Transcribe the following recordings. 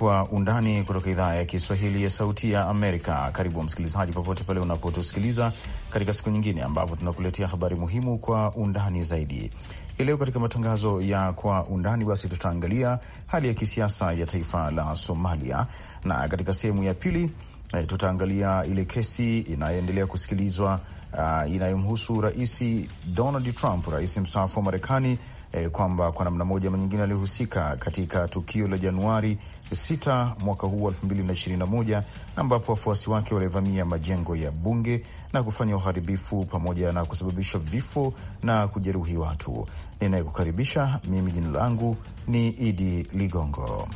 kwa undani kutoka idhaa ya Kiswahili ya Sauti ya Amerika. Karibu msikilizaji, popote pale unapotusikiliza katika siku nyingine ambapo tunakuletea habari muhimu kwa undani zaidi. Hii leo katika matangazo ya kwa undani, basi tutaangalia hali ya kisiasa ya taifa la Somalia, na katika sehemu ya pili eh, tutaangalia ile kesi inayoendelea kusikilizwa uh, inayomhusu Rais Donald Trump, rais mstaafu wa Marekani eh, kwamba kwa namna moja ama nyingine alihusika katika tukio la Januari 6 mwaka huu wa 2021 ambapo wafuasi wake walivamia majengo ya bunge na kufanya uharibifu pamoja na kusababisha vifo na kujeruhi watu. Ninayekukaribisha mimi, jina langu ni Idi Ligongo.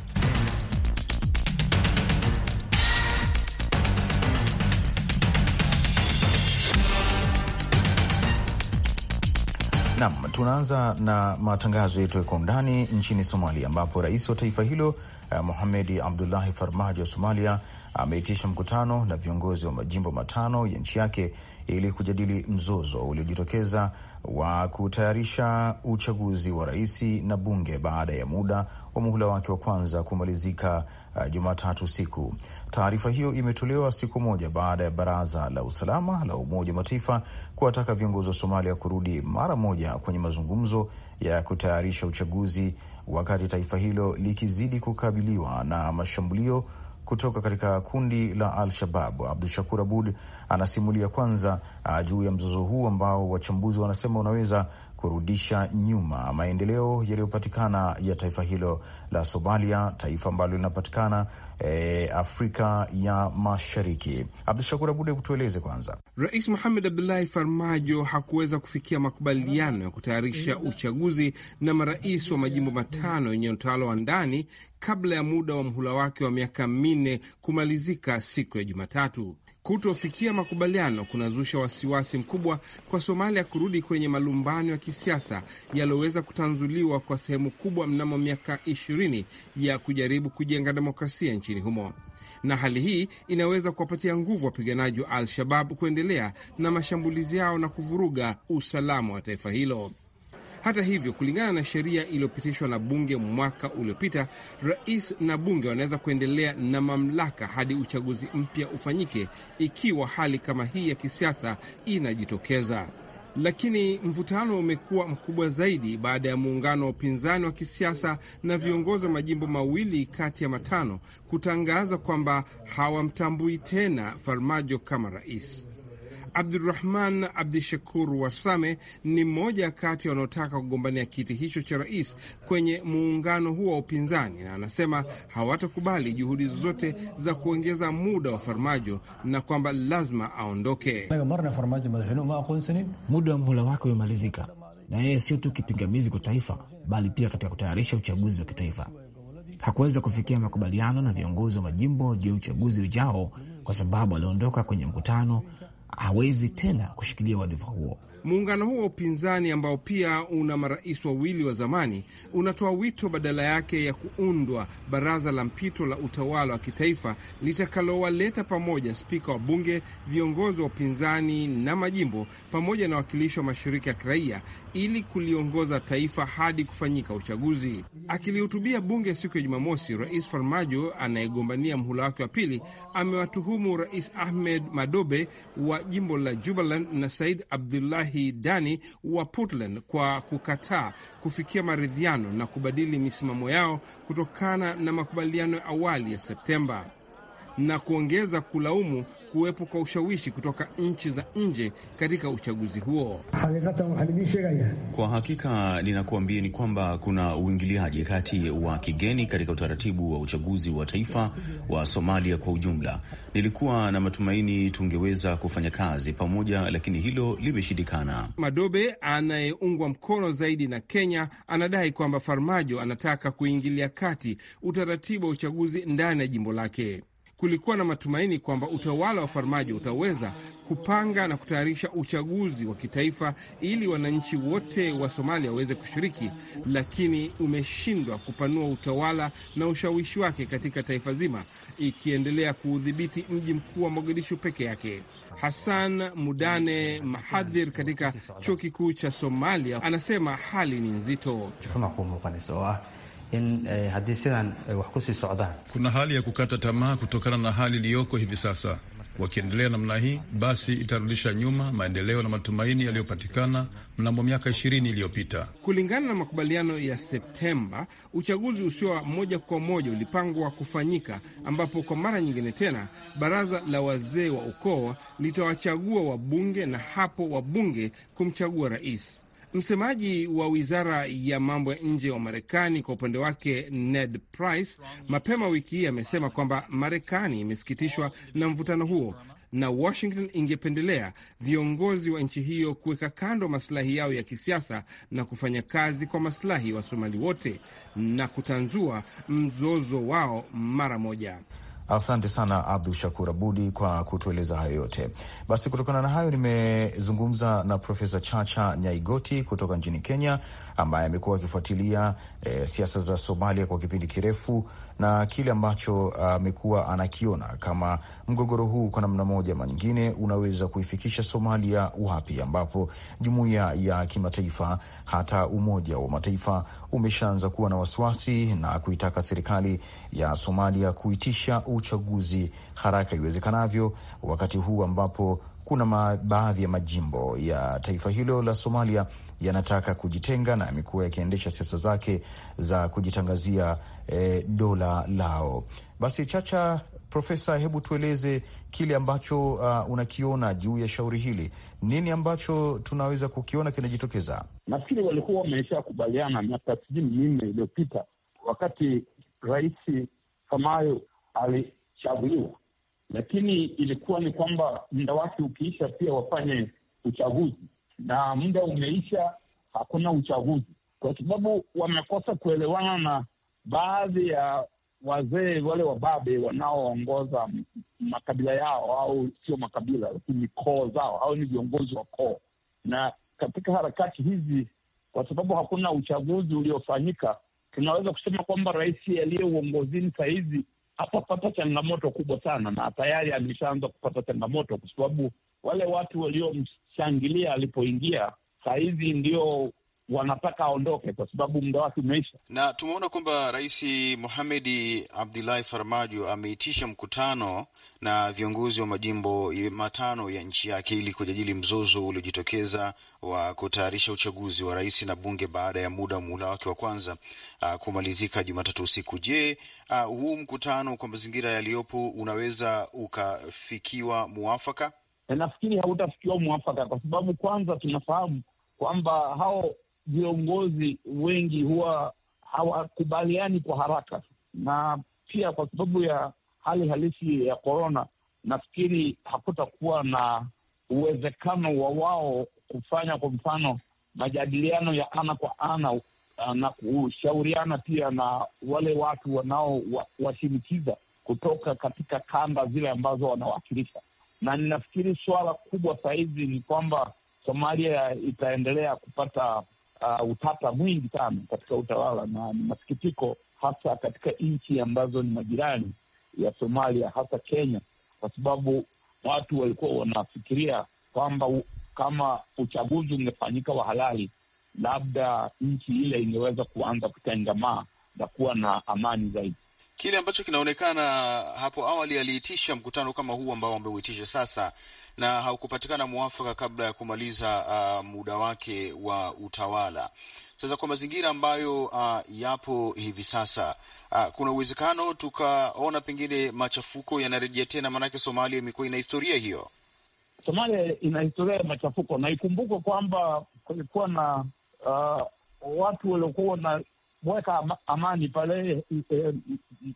Nam, tunaanza na matangazo yetu ya kwa undani nchini Somalia, ambapo rais wa taifa hilo eh, Muhamedi Abdullahi Farmaji wa Somalia ameitisha mkutano na viongozi wa majimbo matano ya nchi yake ili kujadili mzozo uliojitokeza wa kutayarisha uchaguzi wa rais na bunge baada ya muda wa muhula wake wa kwanza kumalizika uh, Jumatatu siku Taarifa hiyo imetolewa siku moja baada ya baraza la usalama la Umoja wa Mataifa kuwataka viongozi wa Somalia kurudi mara moja kwenye mazungumzo ya kutayarisha uchaguzi, wakati taifa hilo likizidi kukabiliwa na mashambulio kutoka katika kundi la Al-Shabab. Abdu Shakur Abud anasimulia kwanza uh, juu ya mzozo huu ambao wachambuzi wanasema unaweza kurudisha nyuma maendeleo yaliyopatikana ya taifa hilo la Somalia, taifa ambalo linapatikana e, Afrika ya Mashariki. Abdu Shakur Abude, kutueleze kwanza. Rais Mohamed Abdullahi Farmajo hakuweza kufikia makubaliano ya kutayarisha uchaguzi na marais wa majimbo matano yenye utawala wa ndani kabla ya muda wa mhula wake wa miaka minne kumalizika siku ya Jumatatu. Kutofikia makubaliano kunazusha wasiwasi mkubwa kwa Somalia kurudi kwenye malumbano ya kisiasa yaliyoweza kutanzuliwa kwa sehemu kubwa mnamo miaka ishirini ya kujaribu kujenga demokrasia nchini humo, na hali hii inaweza kuwapatia nguvu wapiganaji wa Al-Shabab kuendelea na mashambulizi yao na kuvuruga usalama wa taifa hilo. Hata hivyo, kulingana na sheria iliyopitishwa na bunge mwaka uliopita, rais na bunge wanaweza kuendelea na mamlaka hadi uchaguzi mpya ufanyike, ikiwa hali kama hii ya kisiasa inajitokeza. Lakini mvutano umekuwa mkubwa zaidi baada ya muungano wa upinzani wa kisiasa na viongozi wa majimbo mawili kati ya matano kutangaza kwamba hawamtambui tena Farmajo kama rais. Abdurahman Abdishakur Wasame ni mmoja kati wanaotaka kugombania kiti hicho cha rais kwenye muungano huo wa upinzani, na anasema hawatakubali juhudi zozote za kuongeza muda wa Farmajo na kwamba lazima aondoke. Muda wa muhula wake umemalizika, na yeye sio tu kipingamizi kwa taifa, bali pia katika kutayarisha uchaguzi wa kitaifa. Hakuweza kufikia makubaliano na viongozi wa majimbo juu ya uchaguzi ujao kwa sababu aliondoka kwenye mkutano hawezi tena kushikilia wadhifa huo. Muungano huo wa upinzani ambao pia una marais wawili wa zamani unatoa wito badala yake ya kuundwa baraza la mpito la utawala wa kitaifa litakalowaleta pamoja spika wa bunge, viongozi wa upinzani na majimbo, pamoja na wakilishi wa mashirika ya kiraia ili kuliongoza taifa hadi kufanyika uchaguzi. Akilihutubia bunge siku ya Jumamosi, Rais Farmajo anayegombania mhula wake wa pili amewatuhumu Rais Ahmed Madobe wa jimbo la Jubaland na Said Abdullahi hidani wa Puntland kwa kukataa kufikia maridhiano na kubadili misimamo yao kutokana na makubaliano ya awali ya Septemba na kuongeza kulaumu kuwepo kwa ushawishi kutoka nchi za nje katika uchaguzi huo. Kwa hakika ninakuambia ni kwamba kuna uingiliaji kati wa kigeni katika utaratibu wa uchaguzi wa taifa wa Somalia kwa ujumla. Nilikuwa na matumaini tungeweza kufanya kazi pamoja, lakini hilo limeshindikana. Madobe anayeungwa mkono zaidi na Kenya anadai kwamba Farmajo anataka kuingilia kati utaratibu wa uchaguzi ndani ya jimbo lake kulikuwa na matumaini kwamba utawala wa Farmajo utaweza kupanga na kutayarisha uchaguzi wa kitaifa ili wananchi wote wa Somalia waweze kushiriki, lakini umeshindwa kupanua utawala na ushawishi wake katika taifa zima, ikiendelea kuudhibiti mji mkuu wa Mogadishu peke yake. Hassan Mudane, mahadhir katika chuo kikuu cha Somalia, anasema hali ni nzito in eh, sidan eh, wax ku sii socdaan. Kuna hali ya kukata tamaa kutokana na hali iliyoko hivi sasa. Wakiendelea namna hii, basi itarudisha nyuma maendeleo na matumaini yaliyopatikana mnamo miaka ishirini iliyopita. Kulingana na makubaliano ya Septemba, uchaguzi usio wa moja kwa moja ulipangwa kufanyika, ambapo kwa mara nyingine tena baraza la wazee wa ukoo litawachagua wabunge na hapo wabunge kumchagua rais. Msemaji wa wizara ya mambo ya nje wa Marekani kwa upande wake Ned Price mapema wiki hii amesema kwamba Marekani imesikitishwa na mvutano huo na Washington ingependelea viongozi wa nchi hiyo kuweka kando masilahi yao ya kisiasa na kufanya kazi kwa masilahi wa somali wote na kutanzua mzozo wao mara moja. Asante sana Abdu Shakur Abudi kwa kutueleza hayo yote. Basi kutokana na hayo, nimezungumza na Profesa Chacha Nyaigoti kutoka nchini Kenya ambaye amekuwa akifuatilia e, siasa za Somalia kwa kipindi kirefu na kile ambacho e, amekuwa uh, anakiona kama mgogoro huu kwa namna moja ama nyingine unaweza kuifikisha Somalia wapi, ambapo jumuiya ya kimataifa hata Umoja wa Mataifa umeshaanza kuwa na wasiwasi na kuitaka serikali ya Somalia kuitisha uchaguzi haraka iwezekanavyo, wakati huu ambapo kuna baadhi ya majimbo ya taifa hilo la Somalia yanataka kujitenga na yamekuwa yakiendesha siasa zake za kujitangazia e, dola lao. Basi Chacha Profesa, hebu tueleze kile ambacho uh, unakiona juu ya shauri hili. Nini ambacho tunaweza kukiona kinajitokeza? Nafikiri walikuwa kubaliana miaka sijini minne iliyopita wakati Rais famayo alichaguliwa, lakini ilikuwa ni kwamba muda wake ukiisha, pia wafanye uchaguzi na muda umeisha, hakuna uchaguzi, kwa sababu wamekosa kuelewana na baadhi ya wazee wale wababe wanaoongoza makabila yao, au sio makabila, lakini koo zao, au ni viongozi wa koo. Na katika harakati hizi, kwa sababu hakuna uchaguzi uliofanyika, tunaweza kusema kwamba rais aliye uongozini sahizi hatapata changamoto kubwa sana, na tayari ameshaanza kupata changamoto kwa sababu wale watu waliomshangilia alipoingia sahizi ndio wanataka aondoke kwa sababu muda wake umeisha. Na tumeona kwamba Rais muhamedi Abdullahi Farmajo ameitisha mkutano na viongozi wa majimbo matano ya nchi yake ili kujadili mzozo uliojitokeza wa kutayarisha uchaguzi wa rais na bunge baada ya muda wa muhula wake wa kwanza uh, kumalizika Jumatatu usiku. Je, uh, huu mkutano kwa mazingira yaliyopo unaweza ukafikiwa muafaka? na nafikiri hautafikiwa mwafaka, kwa sababu kwanza tunafahamu kwamba hao viongozi wengi huwa hawakubaliani kwa haraka, na pia kwa sababu ya hali halisi ya korona, nafikiri hakutakuwa na uwezekano wa wao kufanya kwa mfano majadiliano ya ana kwa ana uh, na kushauriana pia na wale watu wanaowashinikiza kutoka katika kanda zile ambazo wanawakilisha na ninafikiri suala kubwa sahizi ni kwamba Somalia itaendelea kupata uh, utata mwingi sana katika utawala, na ni masikitiko hasa katika nchi ambazo ni majirani ya Somalia, hasa Kenya, kwa sababu watu walikuwa wanafikiria kwamba kama uchaguzi ungefanyika wa halali, labda nchi ile ingeweza kuanza kutengamaa na kuwa na amani zaidi. Kile ambacho kinaonekana hapo awali aliitisha mkutano kama huu ambao ameuitisha sasa na haukupatikana mwafaka kabla ya kumaliza uh, muda wake wa utawala. Sasa kwa mazingira ambayo uh, yapo hivi sasa uh, kuna uwezekano tukaona pengine machafuko yanarejea tena, maanake Somalia imekuwa ina historia hiyo. Somalia ina historia ya machafuko, na kwamba kulikuwa na uh, watu waliokuwa kuweka amani pale eh, eh,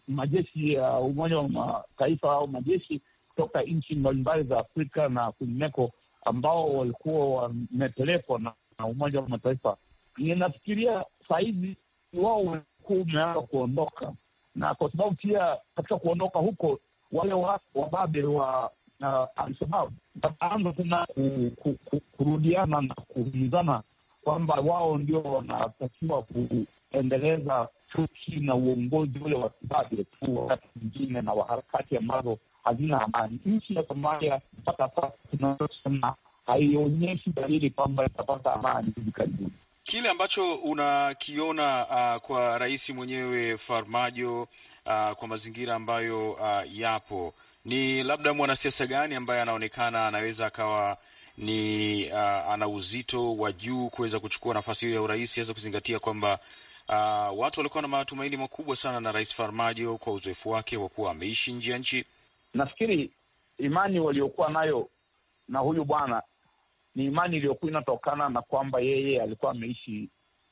majeshi ya Umoja wa Mataifa au majeshi kutoka nchi mbalimbali za Afrika na kwingineko ambao walikuwa wamepelekwa na, na Umoja wa Mataifa. Ninafikiria sahizi wao ulikuwa umeanza kuondoka, na kwa sababu pia katika kuondoka huko wale wa, wababe wa uh, Alshababu wataanza tena ku, ku, ku, kurudiana na kuhimizana kwamba wao ndio wanatakiwa ku kuendeleza chuki na uongozi ule wa kibabe tu wakati mwingine na waharakati ambazo hazina amani. Nchi ya Somalia mpaka sasa tunazosema haionyeshi dalili kwamba itapata amani hivi karibuni. Kile ambacho unakiona uh, kwa rais mwenyewe Farmajo uh, kwa mazingira ambayo uh, yapo ni labda mwanasiasa gani ambaye anaonekana anaweza akawa ni uh, ana uzito wa juu kuweza kuchukua nafasi hiyo ya urais, aweza kuzingatia kwamba Uh, watu walikuwa na matumaini makubwa sana na Rais Farmajo kwa uzoefu wake wa kuwa ameishi nje ya nchi. Nafikiri imani waliokuwa nayo na huyu bwana ni imani iliyokuwa inatokana na kwamba yeye alikuwa ameishi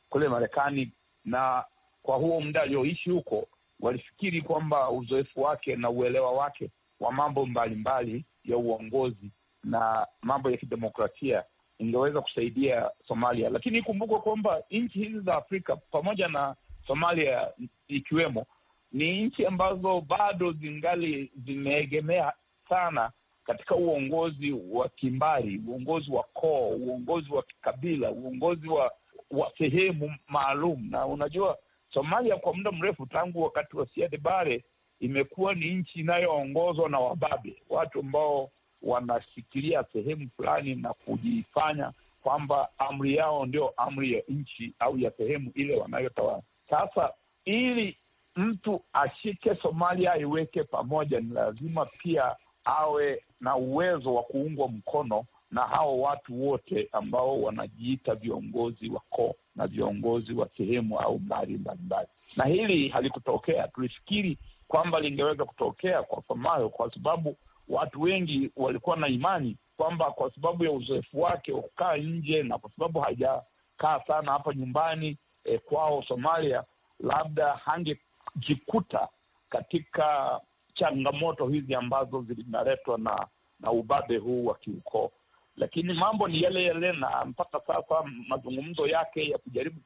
kule Marekani, na kwa huo muda alioishi huko walifikiri kwamba uzoefu wake na uelewa wake wa mambo mbalimbali mbali ya uongozi na mambo ya kidemokrasia ingeweza kusaidia Somalia, lakini ikumbukwe kwamba nchi hizi za Afrika pamoja na Somalia ikiwemo ni nchi ambazo bado zingali zimeegemea sana katika uongozi wa kimbari, uongozi wa koo, uongozi wa kikabila, uongozi wa wa sehemu maalum. Na unajua Somalia kwa muda mrefu tangu wakati wa Siad Barre imekuwa ni nchi inayoongozwa na wababe, watu ambao wanashikilia sehemu fulani na kujifanya kwamba amri yao ndio amri ya nchi au ya sehemu ile wanayotawala. Sasa ili mtu ashike Somalia aiweke pamoja, ni lazima pia awe na uwezo wa kuungwa mkono na hao watu wote ambao wanajiita viongozi wa koo na viongozi wa sehemu au mbali mbalimbali, na hili halikutokea. Tulifikiri kwamba lingeweza kutokea kwa Somalia kwa sababu watu wengi walikuwa na imani kwamba kwa sababu ya uzoefu wake wa kukaa nje na kwa sababu hajakaa sana hapa nyumbani e, kwao Somalia, labda hangejikuta katika changamoto hizi ambazo zinaletwa na na ubabe huu wa kiukoo. Lakini mambo ni yale yale, na mpaka sasa mazungumzo yake ya kujaribu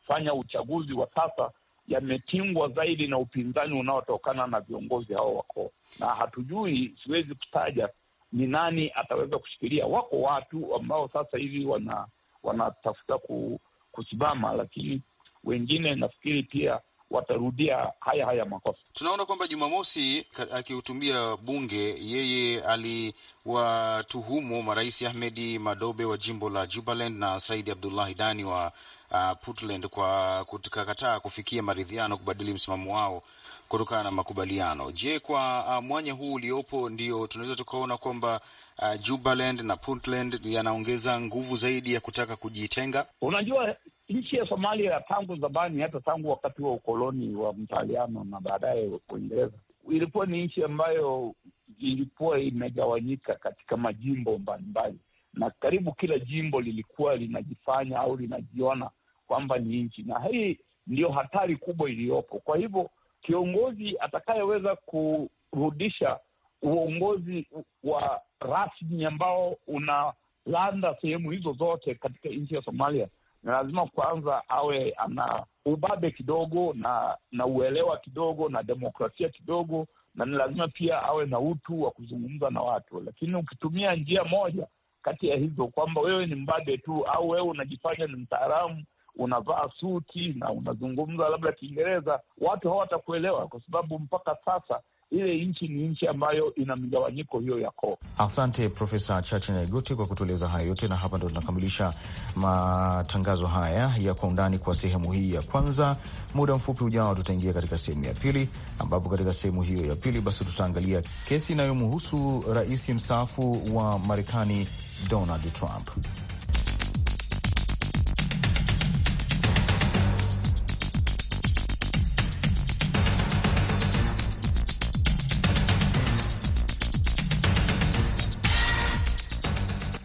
kufanya uchaguzi wa sasa yametingwa zaidi na upinzani unaotokana na viongozi hao wako, na hatujui, siwezi kutaja ni nani ataweza kushikilia. Wako watu ambao sasa hivi wana wanatafuta kusimama, lakini wengine nafikiri pia watarudia haya haya makosa. Tunaona kwamba Jumamosi akihutumia bunge, yeye aliwatuhumu marais Ahmedi Madobe wa jimbo la Jubaland na Saidi Abdullahi Dani wa uh, Puntland kwa kukataa kufikia maridhiano kubadili msimamo wao kutokana na makubaliano. Je, kwa uh, mwanya huu uliopo ndio tunaweza tukaona kwamba uh, Jubaland na Puntland yanaongeza nguvu zaidi ya kutaka kujitenga? Unajua, nchi ya Somalia ya tangu zamani, hata tangu wakati wa ukoloni wa Mtaliano na baadaye Uingereza, ilikuwa ni nchi ambayo ilikuwa imegawanyika katika majimbo mbalimbali na karibu kila jimbo lilikuwa linajifanya au linajiona kwamba ni nchi, na hii ndiyo hatari kubwa iliyopo. Kwa hivyo kiongozi atakayeweza kurudisha uongozi wa rasmi ambao unalanda sehemu hizo zote katika nchi ya Somalia ni lazima kwanza awe ana ubabe kidogo na na uelewa kidogo na demokrasia kidogo, na ni lazima pia awe na utu wa kuzungumza na watu. Lakini ukitumia njia moja kati ya hizo, kwamba wewe ni mbabe tu au wewe unajifanya ni mtaalamu, unavaa suti na unazungumza labda Kiingereza, watu hawatakuelewa kwa sababu mpaka sasa ile nchi ni nchi ambayo ina migawanyiko hiyo ya koo. Asante Profesa Chacha Nyaigoti kwa kutueleza hayo yote, na hapa ndo tunakamilisha matangazo haya ya Kwa Undani kwa sehemu hii ya kwanza. Muda mfupi ujao, tutaingia katika sehemu ya pili, ambapo katika sehemu hiyo ya pili basi tutaangalia kesi inayomhusu rais mstaafu wa Marekani Donald Trump.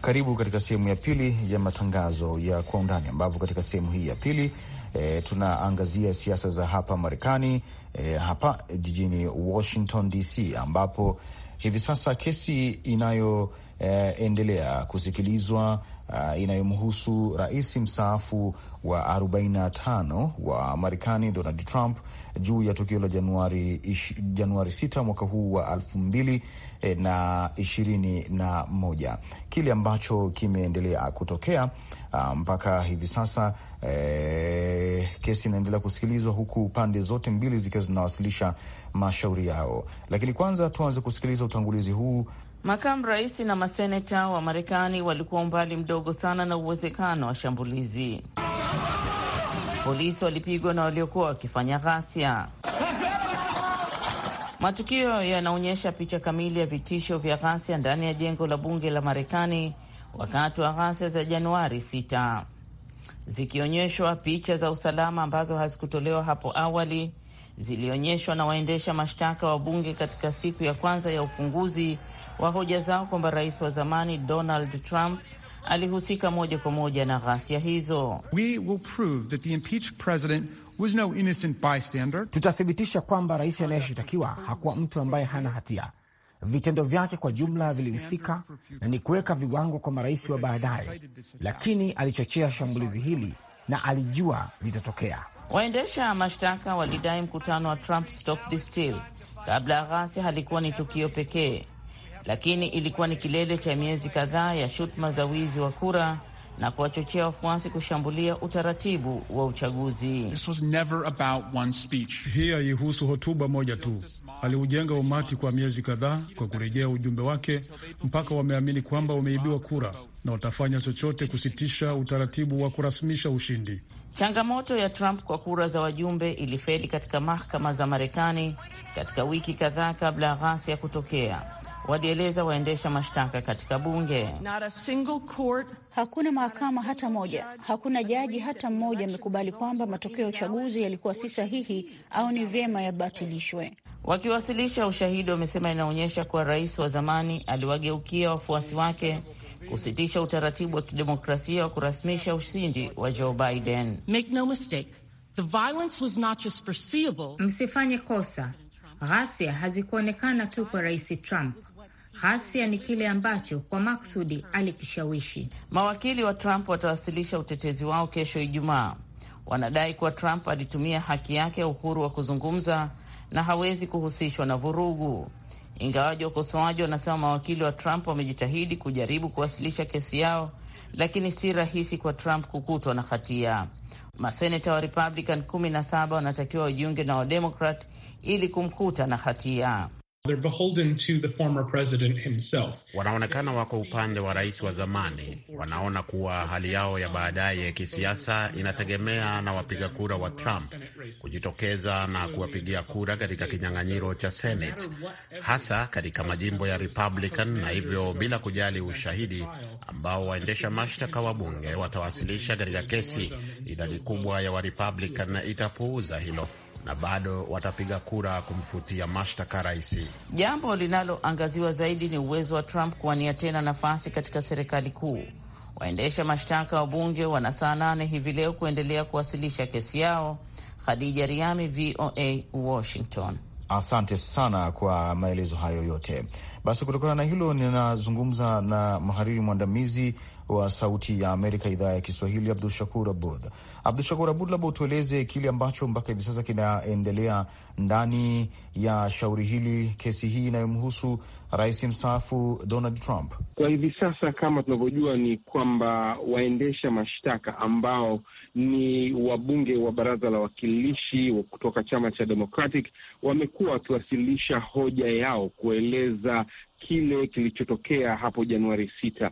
Karibu katika sehemu ya pili ya matangazo ya kwa undani, ambapo katika sehemu hii ya pili e, tunaangazia siasa za hapa Marekani, e, hapa jijini Washington DC, ambapo hivi sasa kesi inayo eh, endelea kusikilizwa uh, inayomhusu rais mstaafu wa 45 wa Marekani Donald Trump juu ya tukio la Januari, Januari 6 mwaka huu wa 2021 eh, kile ambacho kimeendelea kutokea uh, mpaka hivi sasa eh, kesi inaendelea kusikilizwa huku pande zote mbili zikiwa zinawasilisha mashauri yao, lakini kwanza tuanze kusikiliza utangulizi huu Makamu rais na maseneta wa Marekani walikuwa umbali mdogo sana na uwezekano wa shambulizi. Polisi walipigwa na waliokuwa wakifanya ghasia. Matukio yanaonyesha picha kamili ya vitisho vya ghasia ndani ya jengo la bunge la Marekani wakati wa ghasia za Januari 6 zikionyeshwa picha za usalama ambazo hazikutolewa hapo awali, zilionyeshwa na waendesha mashtaka wa bunge katika siku ya kwanza ya ufunguzi wa hoja zao kwamba rais wa zamani Donald Trump alihusika moja kwa moja na ghasia hizo. We will prove that the impeached president was no innocent bystander. Tutathibitisha kwamba rais anayeshitakiwa hakuwa mtu ambaye hana hatia. Vitendo vyake kwa jumla vilihusika na ni kuweka viwango kwa marais wa baadaye, lakini alichochea shambulizi hili na alijua litatokea. Waendesha mashtaka walidai mkutano wa Trump Stop the Steal kabla ya ghasia halikuwa ni tukio pekee lakini ilikuwa ni kilele cha miezi kadhaa ya shutuma za wizi wa kura na kuwachochea wafuasi kushambulia utaratibu wa uchaguzi. Hii haihusu hotuba moja tu. Aliujenga umati kwa miezi kadhaa kwa kurejea ujumbe wake mpaka wameamini kwamba wameibiwa kura na watafanya chochote kusitisha utaratibu wa kurasmisha ushindi. Changamoto ya Trump kwa kura za wajumbe ilifeli katika mahakama za Marekani katika wiki kadhaa kabla ya ghasia kutokea, walieleza waendesha mashtaka katika bunge. Hakuna mahakama hata moja, hakuna jaji hata mmoja amekubali kwamba matokeo ya uchaguzi yalikuwa si sahihi au ni vyema yabatilishwe. Wakiwasilisha ushahidi, wamesema inaonyesha kuwa rais wa zamani aliwageukia wafuasi wake kusitisha utaratibu wa kidemokrasia wa kurasmisha ushindi wa Joe Biden. Make no mistake, the violence was not just foreseeable. Msifanye kosa, ghasia hazikuonekana tu kwa Rais Trump. Ghasia ni kile ambacho kwa maksudi alikishawishi. Mawakili wa Trump watawasilisha utetezi wao kesho Ijumaa. Wanadai kuwa Trump alitumia haki yake ya uhuru wa kuzungumza na hawezi kuhusishwa na vurugu ingawaji wakosoaji wanasema mawakili wa Trump wamejitahidi kujaribu kuwasilisha kesi yao, lakini si rahisi kwa Trump kukutwa na hatia. Maseneta wa Republican 17 wanatakiwa wajiunge na Wademokrat ili kumkuta na hatia. They're beholden to the former president himself. Wanaonekana wako upande wa rais wa zamani, wanaona kuwa hali yao ya baadaye ya kisiasa inategemea na wapiga kura wa Trump kujitokeza na kuwapigia kura katika kinyang'anyiro cha Senate, hasa katika majimbo ya Republican, na hivyo bila kujali ushahidi ambao waendesha mashtaka wa bunge watawasilisha katika kesi, idadi kubwa ya Warepublican itapuuza hilo na bado watapiga kura kumfutia mashtaka rais. Jambo linaloangaziwa zaidi ni uwezo wa Trump kuwania tena nafasi katika serikali kuu. Waendesha mashtaka wa bunge wana saa nane hivi leo kuendelea kuwasilisha kesi yao. Khadija Riami, VOA Washington. Asante sana kwa maelezo hayo yote. Basi kutokana na hilo, ninazungumza na mhariri mwandamizi wa Sauti ya Amerika idhaa ya Kiswahili, Abdu Shakur Abud. Abdu Shakur Abud, labda utueleze kile ambacho mpaka hivi sasa kinaendelea ndani ya shauri hili, kesi hii inayomhusu rais mstaafu Donald Trump. Kwa hivi sasa, kama tunavyojua, ni kwamba waendesha mashtaka ambao ni wabunge wa baraza la wawakilishi kutoka chama cha Democratic wamekuwa wakiwasilisha hoja yao kueleza kile kilichotokea hapo Januari sita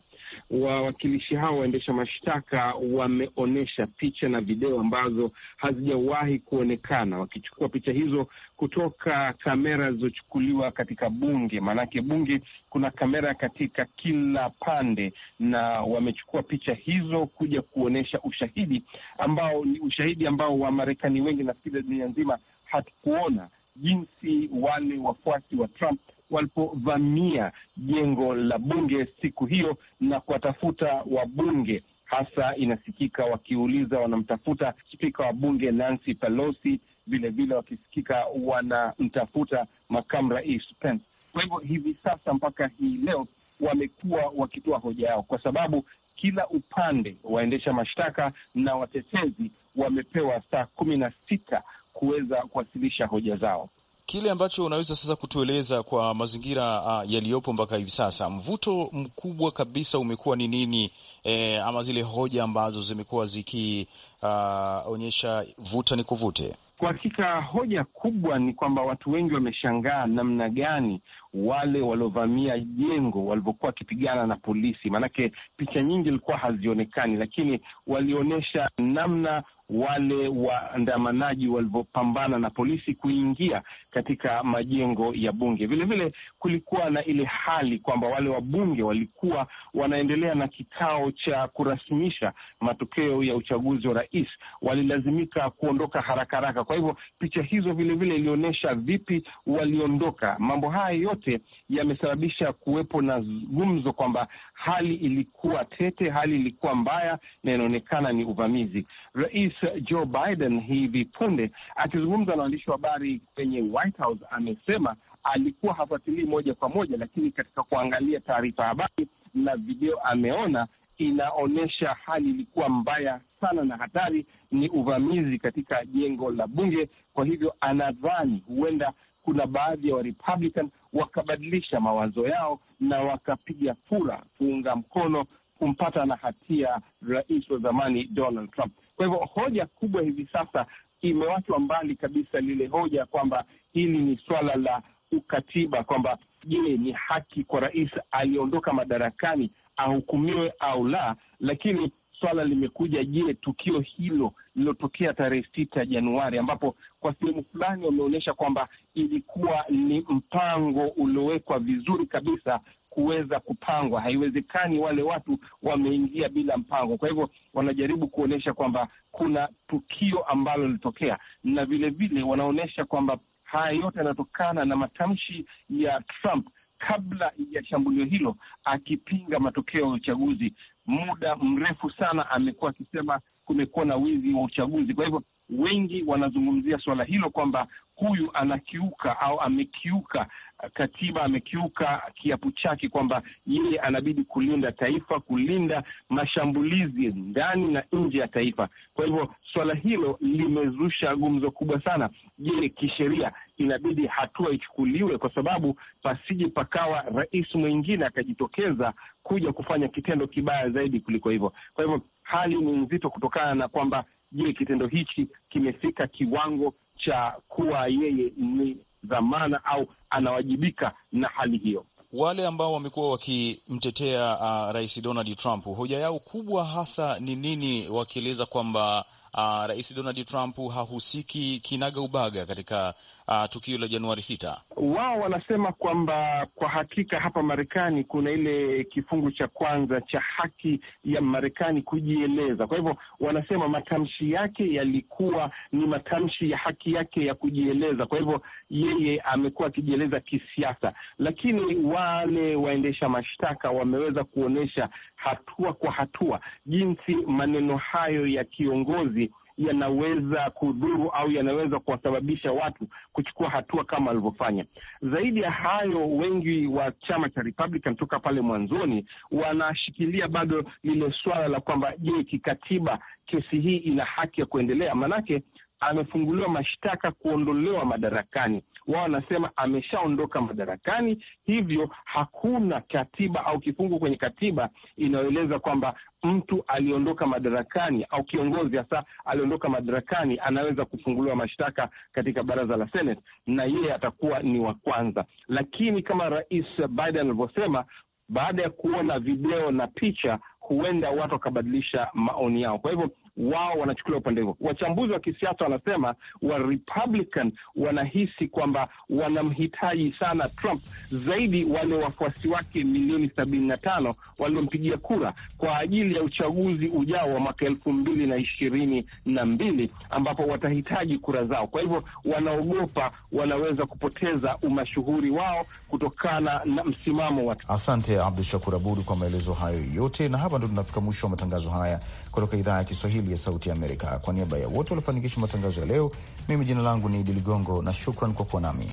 wawakilishi hao waendesha mashtaka wameonyesha picha na video ambazo hazijawahi kuonekana, wakichukua picha hizo kutoka kamera zilizochukuliwa katika bunge. Maanake bunge kuna kamera katika kila pande, na wamechukua picha hizo kuja kuonyesha ushahidi ambao ni ushahidi ambao Wamarekani wengi nafikiri dunia nzima hatukuona jinsi wale wafuasi wa Trump walipovamia jengo la bunge siku hiyo na kuwatafuta wabunge hasa inasikika wakiuliza wanamtafuta spika wa bunge Nancy Pelosi, vilevile wakisikika wanamtafuta makamu rais Pence. Kwa hivyo hivi sasa mpaka hii leo wamekuwa wakitoa hoja yao, kwa sababu kila upande, waendesha mashtaka na watetezi, wamepewa saa kumi na sita kuweza kuwasilisha hoja zao kile ambacho unaweza sasa kutueleza kwa mazingira uh, yaliyopo mpaka hivi sasa, mvuto mkubwa kabisa umekuwa ni nini? E, ama zile hoja ambazo zimekuwa zikionyesha ah, uh, vuta ni kuvute. Kwa hakika hoja kubwa ni kwamba watu wengi wameshangaa namna gani wale waliovamia jengo walivyokuwa wakipigana na polisi, maanake picha nyingi ilikuwa hazionekani, lakini walionyesha namna wale waandamanaji walivyopambana na polisi kuingia katika majengo ya bunge. Vilevile vile kulikuwa na ile hali kwamba wale wabunge walikuwa wanaendelea na kikao cha kurasimisha matokeo ya uchaguzi wa rais, walilazimika kuondoka haraka haraka. Kwa hivyo picha hizo vilevile ilionyesha vipi waliondoka. Mambo haya yote yamesababisha kuwepo na gumzo kwamba hali ilikuwa tete, hali ilikuwa mbaya na inaonekana ni uvamizi. Rais Joe Biden hivi punde akizungumza na waandishi wa habari kwenye White House amesema alikuwa hafuatilii moja kwa moja, lakini katika kuangalia taarifa habari na video ameona inaonyesha hali ilikuwa mbaya sana na hatari ni uvamizi katika jengo la bunge. Kwa hivyo anadhani huenda kuna baadhi ya wa Republican wakabadilisha mawazo yao na wakapiga kura kuunga mkono kumpata na hatia rais wa zamani Donald Trump. Kwa hivyo hoja kubwa hivi sasa imewachwa mbali kabisa lile hoja kwamba hili ni swala la ukatiba, kwamba je, ni haki kwa rais aliyeondoka madarakani ahukumiwe au la, lakini swala limekuja, je, tukio hilo lililotokea tarehe sita Januari ambapo kwa sehemu fulani wameonyesha kwamba ilikuwa ni mpango uliowekwa vizuri kabisa kuweza kupangwa. Haiwezekani wale watu wameingia bila mpango. Kwa hivyo wanajaribu kuonyesha kwamba kuna tukio ambalo lilitokea, na vilevile wanaonyesha kwamba haya yote yanatokana na matamshi ya Trump kabla ya shambulio hilo, akipinga matokeo ya uchaguzi. Muda mrefu sana amekuwa akisema kumekuwa na wizi wa uchaguzi. Kwa hivyo wengi wanazungumzia suala hilo kwamba huyu anakiuka au amekiuka katiba, amekiuka kiapo chake kwamba yeye anabidi kulinda taifa, kulinda mashambulizi ndani na nje ya taifa. Kwa hivyo suala hilo limezusha gumzo kubwa sana. Je, kisheria inabidi hatua ichukuliwe, kwa sababu pasije pakawa rais mwingine akajitokeza kuja kufanya kitendo kibaya zaidi kuliko hivyo. Kwa hivyo hali ni nzito kutokana na kwamba je, kitendo hichi kimefika kiwango cha kuwa yeye ni dhamana au anawajibika na hali hiyo. Wale ambao wamekuwa wakimtetea uh, Rais Donald Trump, hoja yao kubwa hasa ni nini, wakieleza kwamba uh, Rais Donald Trump hahusiki kinaga ubaga katika uh, tukio la Januari sita. Wao wanasema kwamba kwa hakika hapa Marekani kuna ile kifungu cha kwanza cha haki ya Marekani kujieleza. Kwa hivyo wanasema matamshi yake yalikuwa ni matamshi ya haki yake ya kujieleza. Kwa hivyo yeye amekuwa akijieleza kisiasa, lakini wale waendesha mashtaka wameweza kuonyesha hatua kwa hatua jinsi maneno hayo ya kiongozi yanaweza kudhuru au yanaweza kuwasababisha watu kuchukua hatua kama walivyofanya. Zaidi ya hayo, wengi wa chama cha Republican toka pale mwanzoni wanashikilia bado lile swala la kwamba, je, kikatiba kesi hii ina haki ya kuendelea? Maanake amefunguliwa mashtaka kuondolewa madarakani. Wao wanasema ameshaondoka madarakani, hivyo hakuna katiba au kifungu kwenye katiba inayoeleza kwamba mtu aliondoka madarakani au kiongozi hasa aliondoka madarakani anaweza kufunguliwa mashtaka katika baraza la Senate, na yeye atakuwa ni wa kwanza. Lakini kama Rais Biden alivyosema, baada ya kuona video na picha, huenda watu wakabadilisha maoni yao. Kwa hivyo wao wanachukulia upande huo. Wachambuzi wa kisiasa wanasema wa Republican wanahisi kwamba wanamhitaji sana Trump zaidi, wale wafuasi wake milioni sabini na tano waliompigia kura kwa ajili ya uchaguzi ujao wa mwaka elfu mbili na ishirini na mbili ambapo watahitaji kura zao. Kwa hivyo wanaogopa wanaweza kupoteza umashuhuri wao kutokana na msimamo wa. Asante Abdu Shakur Abud kwa maelezo hayo yote, na hapa ndo tunafika mwisho wa matangazo haya kutoka idhaa ya Kiswahili ya Sauti ya Amerika. Kwa niaba ya wote waliofanikisha matangazo ya leo, mimi jina langu ni Idi Ligongo na shukran kwa kuwa nami.